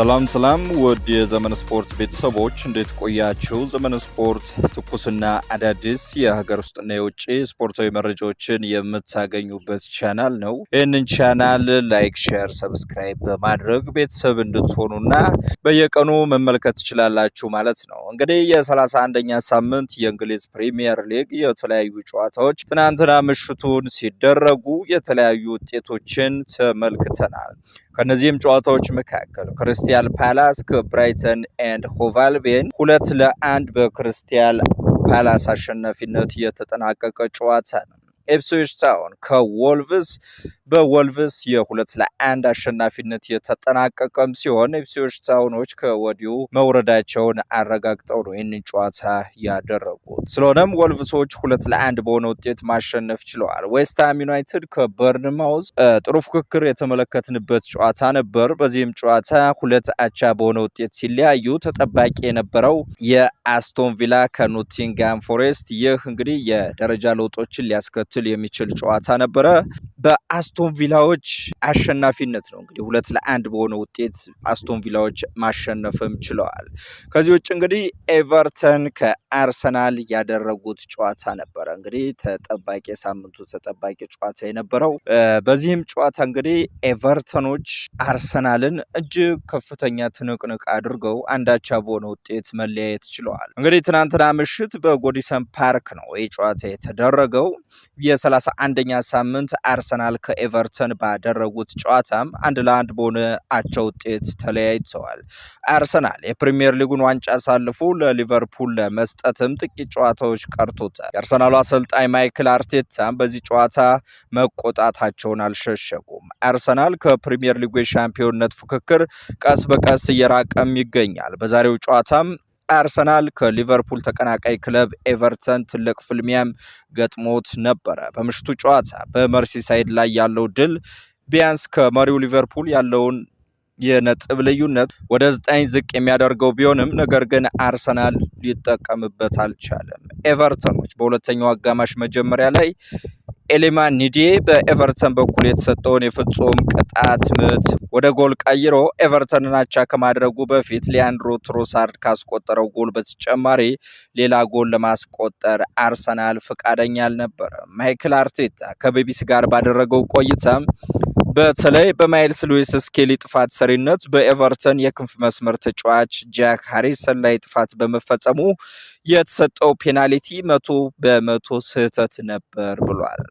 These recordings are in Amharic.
ሰላም ሰላም ውድ የዘመን ስፖርት ቤተሰቦች እንዴት ቆያችሁ? ዘመን ስፖርት ትኩስና አዳዲስ የሀገር ውስጥና የውጭ ስፖርታዊ መረጃዎችን የምታገኙበት ቻናል ነው። ይህንን ቻናል ላይክ፣ ሼር፣ ሰብስክራይብ በማድረግ ቤተሰብ እንድትሆኑና በየቀኑ መመልከት ትችላላችሁ ማለት ነው። እንግዲህ የሰላሳ አንደኛ ሳምንት የእንግሊዝ ፕሪሚየር ሊግ የተለያዩ ጨዋታዎች ትናንትና ምሽቱን ሲደረጉ የተለያዩ ውጤቶችን ተመልክተናል። ከእነዚህም ጨዋታዎች መካከል ክርስቲ ክሪስታል ፓላስ ከብራይተን ኤንድ ሆቫልቤን ሁለት ለአንድ በክሪስታል ፓላስ አሸናፊነት የተጠናቀቀ ጨዋታ ነው። ኤፕስዊች ታውን ከወልቭስ በወልቭስ የሁለት ለአንድ አሸናፊነት የተጠናቀቀም ሲሆን ኤፕስዊች ታውኖች ከወዲሁ መውረዳቸውን አረጋግጠው ነው ይህንን ጨዋታ ያደረጉት። ስለሆነም ወልቭሶች ሁለት ለአንድ በሆነ ውጤት ማሸነፍ ችለዋል። ዌስትሃም ዩናይትድ ከበርንማውዝ ጥሩ ፉክክር የተመለከትንበት ጨዋታ ነበር። በዚህም ጨዋታ ሁለት አቻ በሆነ ውጤት ሲለያዩ ተጠባቂ የነበረው የአስቶን ቪላ ከኖቲንግሃም ፎሬስት ይህ እንግዲህ የደረጃ ለውጦችን ሊያስከትል ሊችል የሚችል ጨዋታ ነበረ። በአስቶን ቪላዎች አሸናፊነት ነው እንግዲህ ሁለት ለአንድ በሆነ ውጤት አስቶን ቪላዎች ማሸነፍም ችለዋል። ከዚህ ውጭ እንግዲህ ኤቨርተን ከአርሰናል ያደረጉት ጨዋታ ነበረ እንግዲህ ተጠባቂ ሳምንቱ ተጠባቂ ጨዋታ የነበረው። በዚህም ጨዋታ እንግዲህ ኤቨርተኖች አርሰናልን እጅግ ከፍተኛ ትንቅንቅ አድርገው አንዳቻ በሆነ ውጤት መለያየት ችለዋል። እንግዲህ ትናንትና ምሽት በጎዲሰን ፓርክ ነው ይህ ጨዋታ የተደረገው የሰላሳ አንደኛ ሳምንት አርሰናል ከኤቨርተን ባደረጉት ጨዋታም አንድ ለአንድ በሆነ አቻ ውጤት ተለያይተዋል። አርሰናል የፕሪምየር ሊጉን ዋንጫ አሳልፎ ለሊቨርፑል ለመስጠትም ጥቂት ጨዋታዎች ቀርቶታል። የአርሰናሉ አሰልጣኝ ማይክል አርቴታም በዚህ ጨዋታ መቆጣታቸውን አልሸሸጉም። አርሰናል ከፕሪምየር ሊጉ የሻምፒዮንነት ፉክክር ቀስ በቀስ እየራቀም ይገኛል። በዛሬው ጨዋታም አርሰናል ከሊቨርፑል ተቀናቃይ ክለብ ኤቨርተን ትልቅ ፍልሚያም ገጥሞት ነበረ። በምሽቱ ጨዋታ በመርሲሳይድ ላይ ያለው ድል ቢያንስ ከመሪው ሊቨርፑል ያለውን የነጥብ ልዩነት ወደ ዘጠኝ ዝቅ የሚያደርገው ቢሆንም ነገር ግን አርሰናል ሊጠቀምበት አልቻለም። ኤቨርተኖች በሁለተኛው አጋማሽ መጀመሪያ ላይ ኤሊማ ኒዲ በኤቨርተን በኩል የተሰጠውን የፍጹም ቅጣት ምት ወደ ጎል ቀይሮ ኤቨርተንን አቻ ከማድረጉ በፊት ሊያንድሮ ትሮሳርድ ካስቆጠረው ጎል በተጨማሪ ሌላ ጎል ለማስቆጠር አርሰናል ፈቃደኛ አልነበረም። ማይክል አርቴታ ከቢቢሲ ጋር ባደረገው ቆይታም በተለይ በማይልስ ሉዊስ ስኬሊ ጥፋት ሰሪነት በኤቨርተን የክንፍ መስመር ተጫዋች ጃክ ሃሪሰን ላይ ጥፋት በመፈጸሙ የተሰጠው ፔናልቲ መቶ በመቶ ስህተት ነበር ብሏል።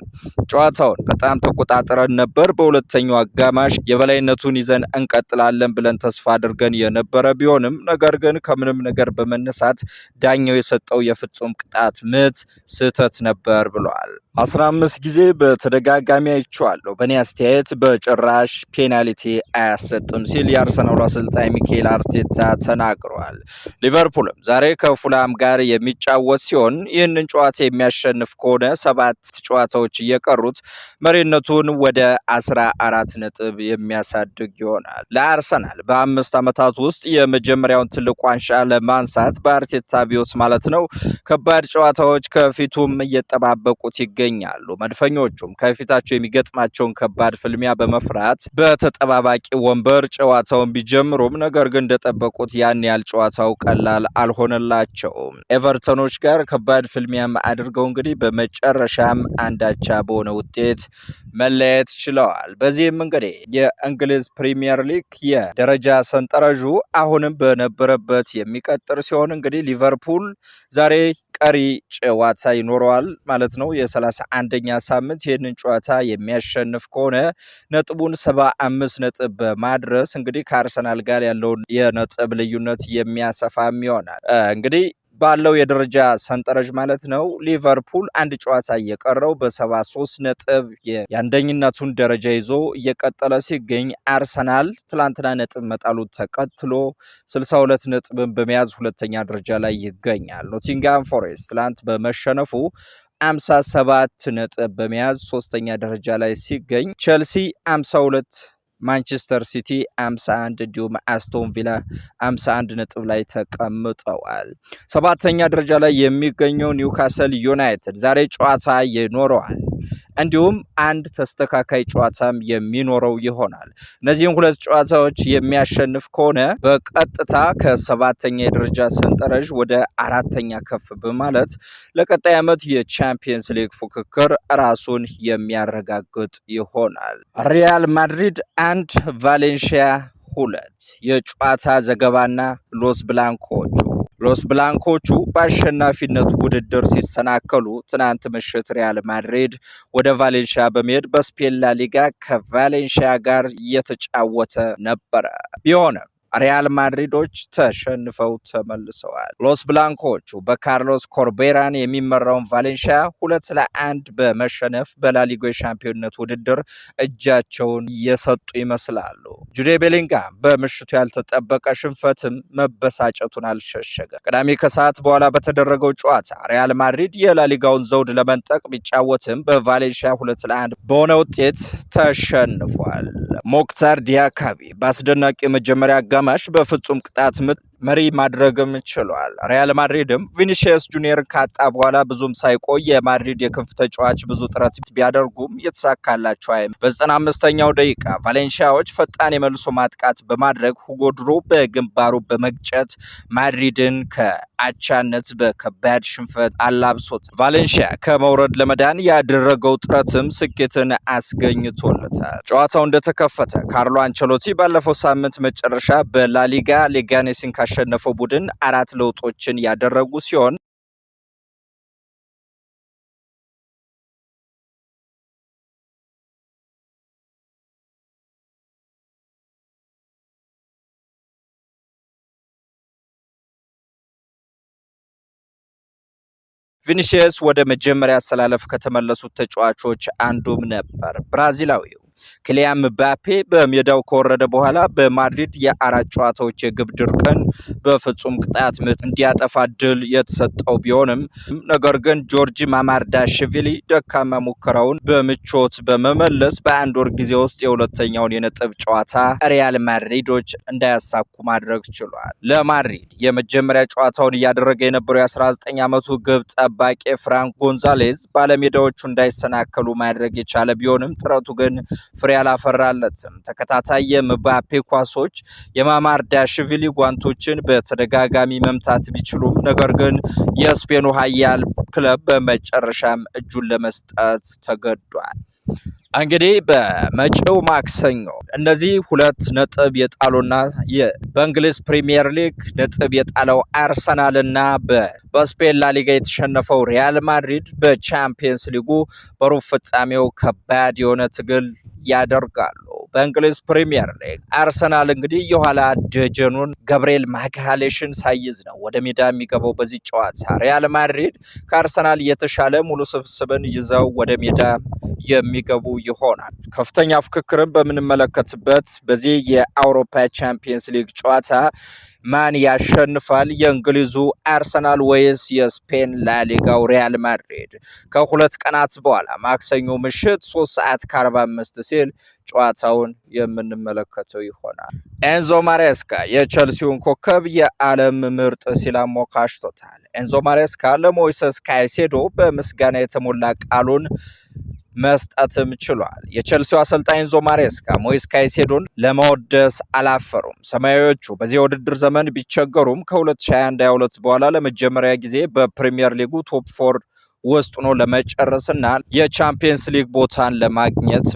ጨዋታውን በጣም ተቆጣጥረን ነበር። በሁለተኛው አጋማሽ የበላይነቱን ይዘን እንቀጥላለን ብለን ተስፋ አድርገን የነበረ ቢሆንም ነገር ግን ከምንም ነገር በመነሳት ዳኛው የሰጠው የፍጹም ቅጣት ምት ስህተት ነበር ብሏል። አስራ አምስት ጊዜ በተደጋጋሚ አይቼዋለሁ። በእኔ አስተያየት በጭራሽ ፔናልቲ አያሰጥም ሲል የአርሰናሉ አሰልጣኝ ሚካኤል አርቴታ ተናግሯል። ሊቨርፑልም ዛሬ ከፉላም ጋር የሚጫወት ሲሆን ይህንን ጨዋታ የሚያሸንፍ ከሆነ ሰባት ጨዋታዎች እየቀሩት መሪነቱን ወደ አስራ አራት ነጥብ የሚያሳድግ ይሆናል። ለአርሰናል በአምስት ዓመታት ውስጥ የመጀመሪያውን ትልቅ ዋንጫ ለማንሳት በአርቴታ ቢዮት ማለት ነው ከባድ ጨዋታዎች ከፊቱም እየጠባበቁት ይገኛሉ። መድፈኞቹም ከፊታቸው የሚገጥማቸውን ከባድ ፍልሚያ በመፍራት በተጠባባቂ ወንበር ጨዋታውን ቢጀምሩም ነገር ግን እንደጠበቁት ያን ያህል ጨዋታው ቀላል አልሆነላቸውም። ኤቨርተኖች ጋር ከባድ ፍልሚያም አድርገው እንግዲህ በመጨረሻም አንዳቻ በሆነ ውጤት መለያየት ችለዋል። በዚህም እንግዲህ የእንግሊዝ ፕሪሚየር ሊግ የደረጃ ሰንጠረዡ አሁንም በነበረበት የሚቀጥር ሲሆን እንግዲህ ሊቨርፑል ዛሬ ቀሪ ጨዋታ ይኖረዋል ማለት ነው። የሰላሳ አንደኛ ሳምንት ይህንን ጨዋታ የሚያሸንፍ ከሆነ ነጥቡን ሰባ አምስት ነጥብ በማድረስ እንግዲህ ከአርሰናል ጋር ያለውን የነጥብ ልዩነት የሚያሰፋም ይሆናል እንግዲህ ባለው የደረጃ ሰንጠረዥ ማለት ነው ሊቨርፑል አንድ ጨዋታ እየቀረው በሰባ ሶስት ነጥብ የአንደኝነቱን ደረጃ ይዞ እየቀጠለ ሲገኝ አርሰናል ትላንትና ነጥብ መጣሉ ተቀትሎ 62 ነጥብን በመያዝ ሁለተኛ ደረጃ ላይ ይገኛል። ኖቲንጋም ፎሬስት ትላንት በመሸነፉ ሰባት ነጥብ በመያዝ ሶስተኛ ደረጃ ላይ ሲገኝ ቼልሲ 52 ማንቸስተር ሲቲ 51 እንዲሁም አስቶን ቪላ 51 ነጥብ ላይ ተቀምጠዋል። ሰባተኛ ደረጃ ላይ የሚገኘው ኒውካስል ዩናይትድ ዛሬ ጨዋታ ይኖረዋል። እንዲሁም አንድ ተስተካካይ ጨዋታም የሚኖረው ይሆናል። እነዚህም ሁለት ጨዋታዎች የሚያሸንፍ ከሆነ በቀጥታ ከሰባተኛ የደረጃ ሰንጠረዥ ወደ አራተኛ ከፍ በማለት ለቀጣይ ዓመት የቻምፒየንስ ሊግ ፉክክር ራሱን የሚያረጋግጥ ይሆናል። ሪያል ማድሪድ አንድ ቫሌንሺያ ሁለት የጨዋታ ዘገባና ሎስ ብላንኮቹ ሎስ ብላንኮቹ በአሸናፊነት ውድድር ሲሰናከሉ ትናንት ምሽት ሪያል ማድሪድ ወደ ቫሌንሺያ በመሄድ በስፔን ላሊጋ ከቫሌንሺያ ጋር እየተጫወተ ነበረ ቢሆንም ሪያል ማድሪዶች ተሸንፈው ተመልሰዋል። ሎስ ብላንኮቹ በካርሎስ ኮርቤራን የሚመራውን ቫሌንሺያ ሁለት ለአንድ በመሸነፍ በላሊጎ የሻምፒዮንነት ውድድር እጃቸውን የሰጡ ይመስላሉ። ጁዴ ቤሊንጋ በምሽቱ ያልተጠበቀ ሽንፈትም መበሳጨቱን አልሸሸገ። ቅዳሜ ከሰዓት በኋላ በተደረገው ጨዋታ ሪያል ማድሪድ የላሊጋውን ዘውድ ለመንጠቅ ቢጫወትም በቫሌንሺያ ሁለት ለአንድ በሆነ ውጤት ተሸንፏል። ሞክታር ዲያካቢ በአስደናቂ መጀመሪያ አጋማሽ በፍጹም ቅጣት ምት መሪ ማድረግም ችሏል። ሪያል ማድሪድም ቪኒሺየስ ጁኒየር ካጣ በኋላ ብዙም ሳይቆይ የማድሪድ የክንፍ ተጫዋች ብዙ ጥረት ቢያደርጉም የተሳካላቸው አይም በዘጠና አምስተኛው ደቂቃ ቫሌንሺያዎች ፈጣን የመልሶ ማጥቃት በማድረግ ሁጎ ድሮ በግንባሩ በመግጨት ማድሪድን ከአቻነት በከባድ ሽንፈት አላብሶት ቫሌንሺያ ከመውረድ ለመዳን ያደረገው ጥረትም ስኬትን አስገኝቶለታል። ጨዋታው እንደተከፈተ ካርሎ አንቸሎቲ ባለፈው ሳምንት መጨረሻ በላሊጋ ሌጋኔሲን ያሸነፈው ቡድን አራት ለውጦችን ያደረጉ ሲሆን ቪኒሺየስ ወደ መጀመሪያ አሰላለፍ ከተመለሱት ተጫዋቾች አንዱም ነበር። ብራዚላዊው ክሊያም ባፔ በሜዳው ከወረደ በኋላ በማድሪድ የአራት ጨዋታዎች የግብ ድርቅን በፍጹም ቅጣት ምት እንዲያጠፋ ድል የተሰጠው ቢሆንም ነገር ግን ጆርጂ ማማርዳሽቪሊ ደካማ ሙከራውን በምቾት በመመለስ በአንድ ወር ጊዜ ውስጥ የሁለተኛውን የነጥብ ጨዋታ ሪያል ማድሪዶች እንዳያሳኩ ማድረግ ችሏል። ለማድሪድ የመጀመሪያ ጨዋታውን እያደረገ የነበረው የ19 ዓመቱ ግብ ጠባቂ ፍራንክ ጎንዛሌዝ ባለሜዳዎቹ እንዳይሰናከሉ ማድረግ የቻለ ቢሆንም ጥረቱ ግን ፍሬ አላፈራለትም። ተከታታይ የምባፔ ኳሶች የማማር ዳሽቪሊ ጓንቶችን በተደጋጋሚ መምታት ቢችሉም ነገር ግን የስፔኑ ኃያል ክለብ በመጨረሻም እጁን ለመስጠት ተገዷል። እንግዲህ በመጪው ማክሰኞ እነዚህ ሁለት ነጥብ የጣሉና በእንግሊዝ ፕሪሚየር ሊግ ነጥብ የጣለው አርሰናልና በስፔን ላሊጋ የተሸነፈው ሪያል ማድሪድ በቻምፒየንስ ሊጉ በሩብ ፍጻሜው ከባድ የሆነ ትግል ያደርጋሉ። በእንግሊዝ ፕሪሚየር ሊግ አርሰናል እንግዲህ የኋላ ደጀኑን ገብርኤል ማካሌሽን ሳይዝ ነው ወደ ሜዳ የሚገባው በዚህ ጨዋታ። ሪያል ማድሪድ ከአርሰናል የተሻለ ሙሉ ስብስብን ይዘው ወደ ሜዳ የሚገቡ ይሆናል። ከፍተኛ ፍክክርን በምንመለከትበት በዚህ የአውሮፓ ቻምፒየንስ ሊግ ጨዋታ ማን ያሸንፋል? የእንግሊዙ አርሰናል ወይስ የስፔን ላሊጋው ሪያል ማድሪድ? ከሁለት ቀናት በኋላ ማክሰኞ ምሽት 3 ሰዓት ከ45 ሲል ጨዋታውን የምንመለከተው ይሆናል። ኤንዞ ማሬስካ የቸልሲውን ኮከብ የዓለም ምርጥ ሲል አሞካሽቶታል። ኤንዞ ማሬስካ ለሞይሰስ ካይሴዶ በምስጋና የተሞላ ቃሉን መስጠትም ችሏል። የቼልሲው አሰልጣኝ ኤንዞ ማሬስካ ሞይስ ካይሴዶን ለማወደስ አላፈሩም። ሰማያዊዎቹ በዚህ የውድድር ዘመን ቢቸገሩም ከ2021/22 በኋላ ለመጀመሪያ ጊዜ በፕሪሚየር ሊጉ ቶፕ ፎር ውስጥ ሆኖ ለመጨረስና የቻምፒየንስ ሊግ ቦታን ለማግኘት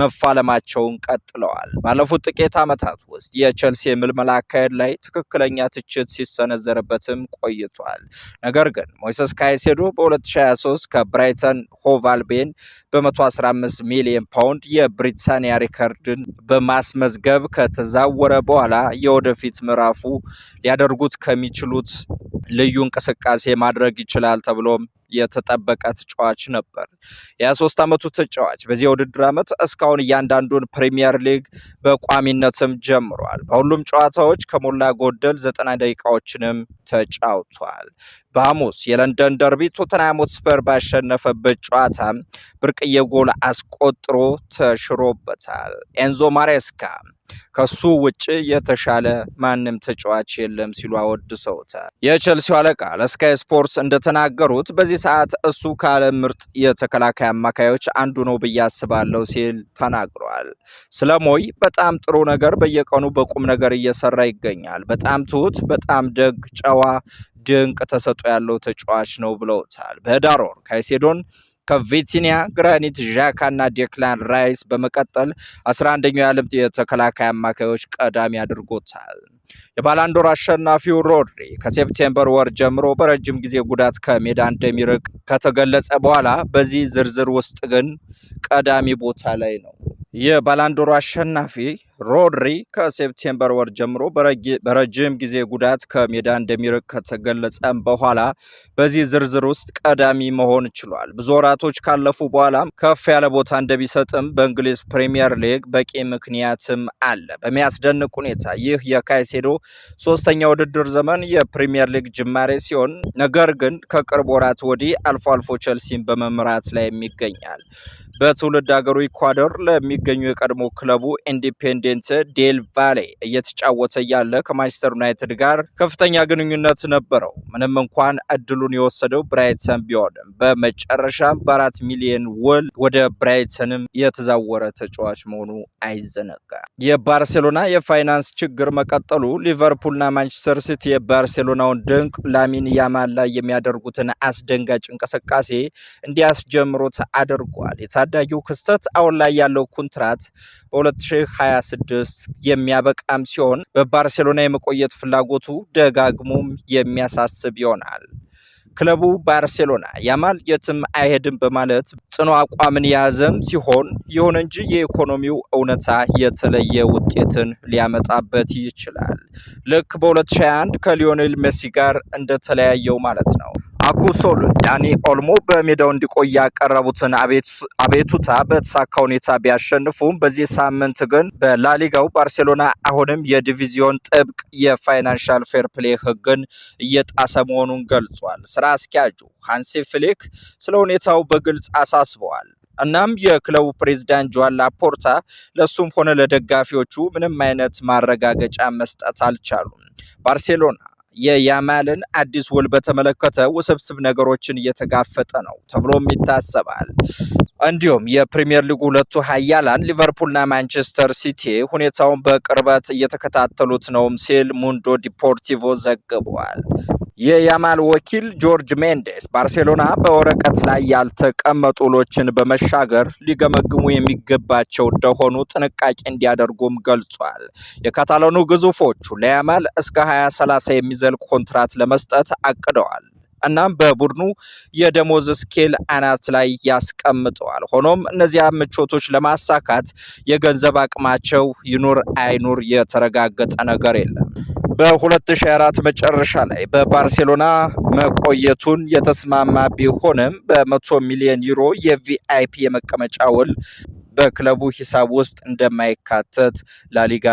መፋለማቸውን ቀጥለዋል። ባለፉት ጥቂት ዓመታት ውስጥ የቼልሲ የምልመላ አካሄድ ላይ ትክክለኛ ትችት ሲሰነዘርበትም ቆይቷል። ነገር ግን ሞይሰስ ካይሴዶ በ2023 ከብራይተን ሆቫልቤን በ115 ሚሊዮን ፓውንድ የብሪታንያ ሪከርድን በማስመዝገብ ከተዛወረ በኋላ የወደፊት ምዕራፉ ሊያደርጉት ከሚችሉት ልዩ እንቅስቃሴ ማድረግ ይችላል ተብሎም የተጠበቀ ተጫዋች ነበር። የ23 ዓመቱ ተጫዋች በዚህ የውድድር ዓመት እስካሁን እያንዳንዱን ፕሪሚየር ሊግ በቋሚነትም ጀምሯል። በሁሉም ጨዋታዎች ከሞላ ጎደል ዘጠና ደቂቃዎችንም ተጫውቷል። በሐሙስ የለንደን ደርቢ ቶተንሃም ሆትስፐር ባሸነፈበት ጨዋታ ብርቅዬ ጎል አስቆጥሮ ተሽሮበታል። ኤንዞ ማሬስካ ከሱ ውጭ የተሻለ ማንም ተጫዋች የለም ሲሉ አወድሰውታል። የቼልሲው አለቃ ለስካይ ስፖርትስ እንደተናገሩት በዚህ ሰዓት እሱ ከዓለም ምርጥ የተከላካይ አማካዮች አንዱ ነው ብዬ አስባለሁ ሲል ተናግሯል። ስለ ሞይ በጣም ጥሩ ነገር በየቀኑ በቁም ነገር እየሰራ ይገኛል። በጣም ትሁት፣ በጣም ደግ፣ ጨዋ፣ ድንቅ ተሰጦ ያለው ተጫዋች ነው ብለውታል። በህዳር ወር ካይሴዶን ከቪቲኒያ ግራኒት ዣካ እና ዴክላን ራይስ በመቀጠል 11ኛው የዓለም የተከላካይ አማካዮች ቀዳሚ አድርጎታል። የባላንዶር አሸናፊው ሮድሪ ከሴፕቴምበር ወር ጀምሮ በረጅም ጊዜ ጉዳት ከሜዳ እንደሚርቅ ከተገለጸ በኋላ በዚህ ዝርዝር ውስጥ ግን ቀዳሚ ቦታ ላይ ነው። የባላንዶሮ አሸናፊ ሮድሪ ከሴፕቴምበር ወር ጀምሮ በረጅም ጊዜ ጉዳት ከሜዳ እንደሚርቅ ከተገለጸም በኋላ በዚህ ዝርዝር ውስጥ ቀዳሚ መሆን ችሏል። ብዙ ወራቶች ካለፉ በኋላም ከፍ ያለ ቦታ እንደሚሰጥም በእንግሊዝ ፕሪምየር ሊግ በቂ ምክንያትም አለ። በሚያስደንቅ ሁኔታ ይህ የካይሴዶ ሶስተኛ ውድድር ዘመን የፕሪምየር ሊግ ጅማሬ ሲሆን፣ ነገር ግን ከቅርብ ወራት ወዲህ አልፎ አልፎ ቸልሲን በመምራት ላይም ይገኛል። በትውልድ ሀገሩ ኢኳዶር ለሚገኙ የቀድሞ ክለቡ ኢንዲፔንደንት ዴል ቫሌ እየተጫወተ ያለ ከማንቸስተር ዩናይትድ ጋር ከፍተኛ ግንኙነት ነበረው። ምንም እንኳን እድሉን የወሰደው ብራይተን ቢሆንም በመጨረሻ በአራት ሚሊዮን ወል ወደ ብራይተንም የተዛወረ ተጫዋች መሆኑ አይዘነጋ የባርሴሎና የፋይናንስ ችግር መቀጠሉ ሊቨርፑልና ማንቸስተር ሲቲ የባርሴሎናውን ድንቅ ላሚን ያማል ላይ የሚያደርጉትን አስደንጋጭ እንቅስቃሴ እንዲያስጀምሩት አድርጓል። አሳዳጊው ክስተት አሁን ላይ ያለው ኮንትራት በ2026 የሚያበቃም ሲሆን በባርሴሎና የመቆየት ፍላጎቱ ደጋግሞም የሚያሳስብ ይሆናል። ክለቡ ባርሴሎና ያማል የትም አይሄድም በማለት ጽኑ አቋምን የያዘም ሲሆን ይሁን እንጂ የኢኮኖሚው እውነታ የተለየ ውጤትን ሊያመጣበት ይችላል። ልክ በ2021 ከሊዮኔል ሜሲ ጋር እንደተለያየው ማለት ነው። አኩሶል ዳኒ ኦልሞ በሜዳው እንዲቆይ ያቀረቡትን አቤቱታ በተሳካ ሁኔታ ቢያሸንፉም በዚህ ሳምንት ግን በላሊጋው ባርሴሎና አሁንም የዲቪዚዮን ጥብቅ የፋይናንሻል ፌር ፕሌ እየጣሰ መሆኑን ገልጿል። ስራ አስኪያጁ ሃንሲ ፍሊክ ስለ ሁኔታው በግልጽ አሳስበዋል። እናም የክለቡ ፕሬዝዳንት ጆዋን ላፖርታ ለእሱም ሆነ ለደጋፊዎቹ ምንም አይነት ማረጋገጫ መስጠት አልቻሉም። ባርሴሎና የያማልን አዲስ ውል በተመለከተ ውስብስብ ነገሮችን እየተጋፈጠ ነው ተብሎም ይታሰባል። እንዲሁም የፕሪምየር ሊጉ ሁለቱ ኃያላን ሊቨርፑልና ማንቸስተር ሲቲ ሁኔታውን በቅርበት እየተከታተሉት ነውም ሲል ሙንዶ ዲፖርቲቮ ዘግቧል። የያማል ወኪል ጆርጅ ሜንዴስ ባርሴሎና በወረቀት ላይ ያልተቀመጡ ውሎችን በመሻገር ሊገመግሙ የሚገባቸው እንደሆኑ ጥንቃቄ እንዲያደርጉም ገልጿል። የካታላኑ ግዙፎቹ ለያማል እስከ 2030 የሚዘልቅ ኮንትራት ለመስጠት አቅደዋል። እናም በቡድኑ የደሞዝ ስኬል አናት ላይ ያስቀምጠዋል። ሆኖም እነዚያ ምቾቶች ለማሳካት የገንዘብ አቅማቸው ይኑር አይኑር የተረጋገጠ ነገር የለም። በ2004 መጨረሻ ላይ በባርሴሎና መቆየቱን የተስማማ ቢሆንም በ100 ሚሊዮን ዩሮ የቪአይፒ የመቀመጫ ውል በክለቡ ሂሳብ ውስጥ እንደማይካተት ላሊጋ